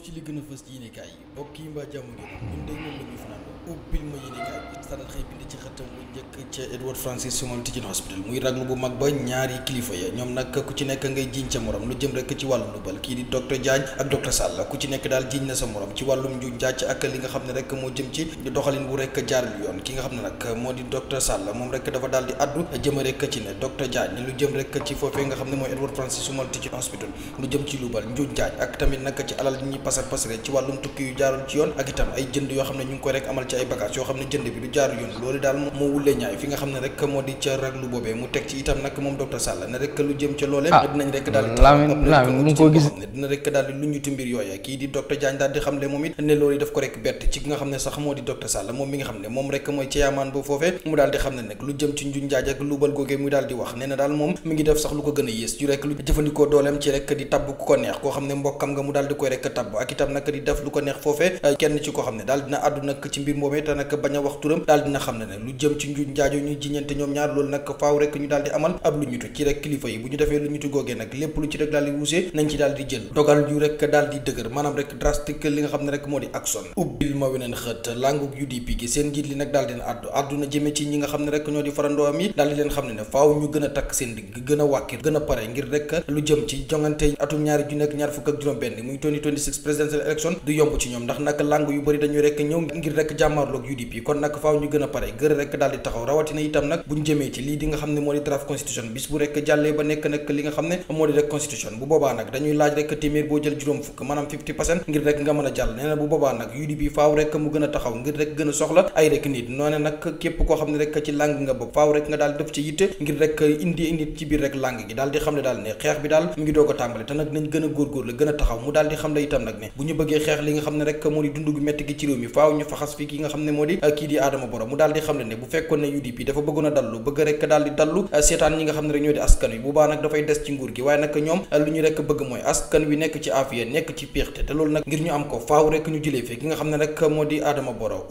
ci li gën a fës ci yéenekaay yi bokk yi mbaa jàmm ngeen ñun de ñoom ma yéenekaay bi sadat xëy ci xëttam bu njëkk ca Edward Francis Small Hospital muy raglu bu mag ba ñaari kilifa ya ñoom nag ku ci nekk ngay jiiñ sa morom lu jëm rek ci wàllum lubal kii di docteur Diagne ak docteur Sall ku ci nekk daal jiiñ na sa morom ci wàllum nju njàcc ak li nga xam ne rek moo jëm ci doxalin bu rek jaar yoon ki nga xam ne nag moo di docteur Sall moom rek dafa daal di addu jëma rek ci xam ne mooy Edward Francis Small Teaching Hospital pasar pasare ci wàllum tukki yu jaarul ci yoon ak itam ay jënd yoo xam ne ñu ngi koy rek amal ci ay bagage yoo xam ne jënd bi du jaarul yoon loolu daal moom docteur Sall ne rek lu jëm ca loolee dinañ ah, rek daal di dina rek daal di lu ñu ti mbir yooya kii di docteur moo di docteur Sall moom mi nga xam ne moom rek mooy ceyaamaan mu wax nee na daal moom mi ngi def sax lu ko gën a yées yu rek lu jëfandikoo dooleem ci rek di tabb ku ko neex koo xam ne mbokkam nga mu daal di koy rek tabb ak itam nag di def lu ko neex foofee kenn ci ko xam ne daal dina àddu nag ci mbir moomee te nag bañ a wax turam daal dina xam ne ne lu jëm ci njuuj njaajo ñuy jiñante ñoom ñaar loolu nag faaw rek ñu daal di lu ñutu ci rek kilifa yi bu ñu defee lu ñutu moo di action ubbil ma weneen xët langub UDP gi seen ne rek ñoo di farandoo am yi daal di leen xam ne ne faaw ñu gën a takk seen a wàkkir gën a pare ngir rek lu jongante atum ñaari junni ak fukk ak juróom benn muy 2026 présidentielle élection du yomb ci ñoom ndax nag langue yu bëri dañuy rek ñëw ngir rek jàmmaarloog UDP kon nag faaw ñu gën a pare gër rek daal di taxaw rawatina itam nag buñ jëmee ci lii di xam ne moo di draft constitution bis bu rek jàllee ba nekk nag li nga xam ne moo di rek a jàll nee na bu koo xam ne rek ci langue nga bokk faaw daal def ci yitte biir rek langue gi daal di xam ne daal ne xeex bi daal mu ngi doog a tàmbale te nag nañ gën a góorgóorlu gën a taxaw mu daal di xam ne itam nag nag bu ñu bëggee xeex li nga xam ne rek moo di dund gu métti gi ci réew mi faaw ñu faxas fii ki nga xam ne moo di uh, kii di Adama Barrow mu daal di xam ne ne bu fekkoon ne UDP dafa bëggoon a dallu bëgg rek daal dallu uh, seetaan ñi nga xam ne rek ñoo di askan wi bu baax nag dafay des ci nguur gi waaye nag ñoom uh, lu ñu rek bëgg mooy askan wi nekk ci afiya nekk ci piixte te loolu nag ngir ñu am ko faaw rek ñu jëlee fii ki nga xam ne rek moo di Adama Barrow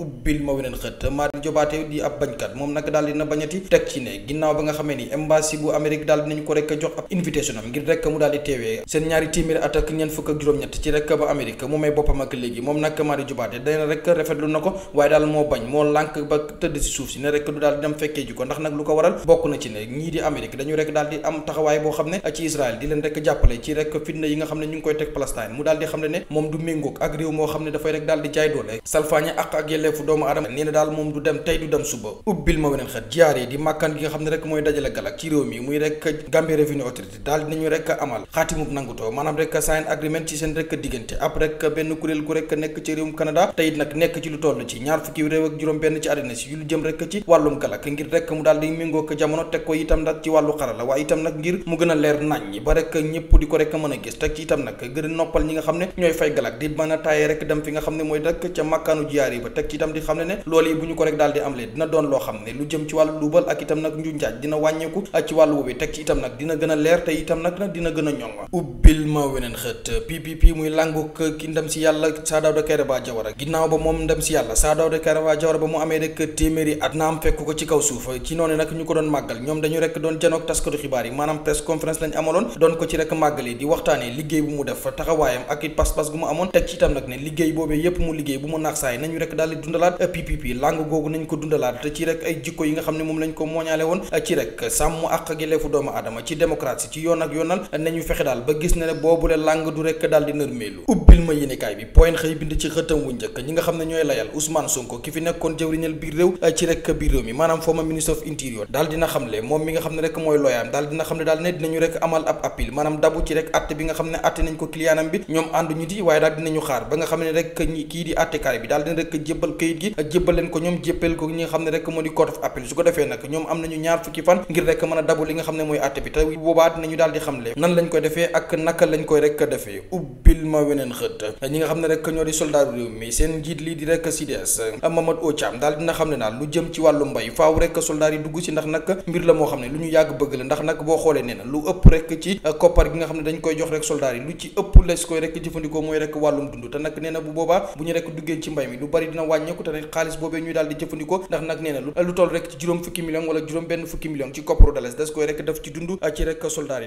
Amérique mu may boppam ak léegi moom nag Madi Jubaate dana rek rafetlu na ko waaye daal moo bañ moo lànk ba tëdd si suuf si ne rek du daal di dem jàppale ci ak ak yelleefu doomu aadama nee na daal moom du dem tey du dem suba ubbil ma weneen xat jiyaar yi di màkkaan gi nga xam ne rek mooy dajale galak ci réew mi muy rek Gambia Revenue Authority daal dinañu rek amal xaatimub nangutoo maanaam rek sign agreement ci seen rek diggante ab rek benn kuréel ku rek nekk ci réewum Canada tey nag nekk ci lu toll ci ñaar fukki réew ak juróom benn ci àddina si lu jëm rek ci wàllum kalak ngir rek mu daal di jamono teg ko itam nag ci wàllu xarala waaye itam nag ngir mu gën a leer naññ ba rek ñëpp di ko rek mën a gis teg ci itam nag gën a noppal ñi nga xam ne ñooy fay galak di mën a taaye rek dem fi nga xam ne mooy rek ca màkkaanu jiyaar yi ba teg ci itam di xam ne ne loolu yi bu ñu ko rek daal di am lee dina doon loo xam ne lu jëm ci wàllu luubal ak itam nag nju njaaj dina wàññeeku ci wàllu woobi teg ci itam nag dina gën a leer te nag dina gën a ñoŋ ubbil ma weneen xët PPP muy langu ak ndem si yàlla Sir Dawda Kairaba Jawara ginnaaw ba moom ndem si yàlla Sir Dawda Kairaba Jawara ba mu amee rek téeméeri at naam fekk ko ci kaw suuf ci noonu nag ñu ko doon màggal ñoom dañu rek doon janoog taskatu xibaar yi maanaam press conférence lañ amaloon doon ko ci rek màggalee di waxtaanee liggéey bu mu def taxawaayam ak it pas-pas gu mu amoon teg ci itam nag ne liggéey boobee yépp mu liggéey bu mu naax saay yi nañu rek daal di ubbil ma yéenekaay bi point xëy bind ci xëtam wu njëkk ñi nga xam ne ñooy layal Ousmane Sonko ki fi nekkoon jëwriñal biir réew eh, ci rek biir réew mi maanaam former ministre of interior daal dina xam ne rek mooy xaar ba nga xam ne rek kii di attekaay bi daal dina rek jébbal këyit gi eh, jébbal leen ko ñoom jébbal ko ñi nga xam ne rek moo di court of appel su ko defee nag ñoom am nañu ñaar fukki fan ngir rek mën a dabu li nga xam ne mooy atte bi te boobaa dinañu beneen xët ñi nga xam ne rek ñoo di soldat réew mi seen njiit lii di rek CDS Mamadou Otiam daal dina xam ne daal lu jëm ci wàllu mbay faaw rek soldat yi dugg si boo xoolee nee ëpp rek ne dañ koy jox rek soldat yi lu ci ëpp les koy rek jëfandikoo mooy rek wàllum dund te nag nee bu boobaa bu ñu rek duggee ci mbay mi lu bari dina wàññeeku te nag xaalis boobee ñuy daal jëfandikoo ndax nag nee lu toll rek ci juróom million wala juróom benn million ci kopparu dales des koy rek daf ci dund ci rek soldat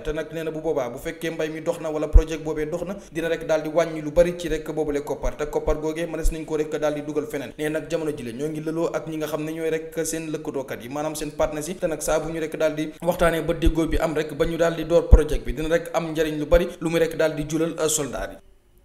wàññi lu bari ci rek boobule koppar te koppar googee mënees nañ ko rek daal di dugal feneen ne nag jamono jile ñoo ngi lëloo ak ñi nga xam ne ñooy rek seen lëkkatookat yi maanaam seen partenaires yi te nag saa bu ñu rek daal di waxtaanee ba déggoo bi am rek ba ñu daal di door projet bi dina rek am njariñ lu bari lu mu rekk daal di julal soldat yi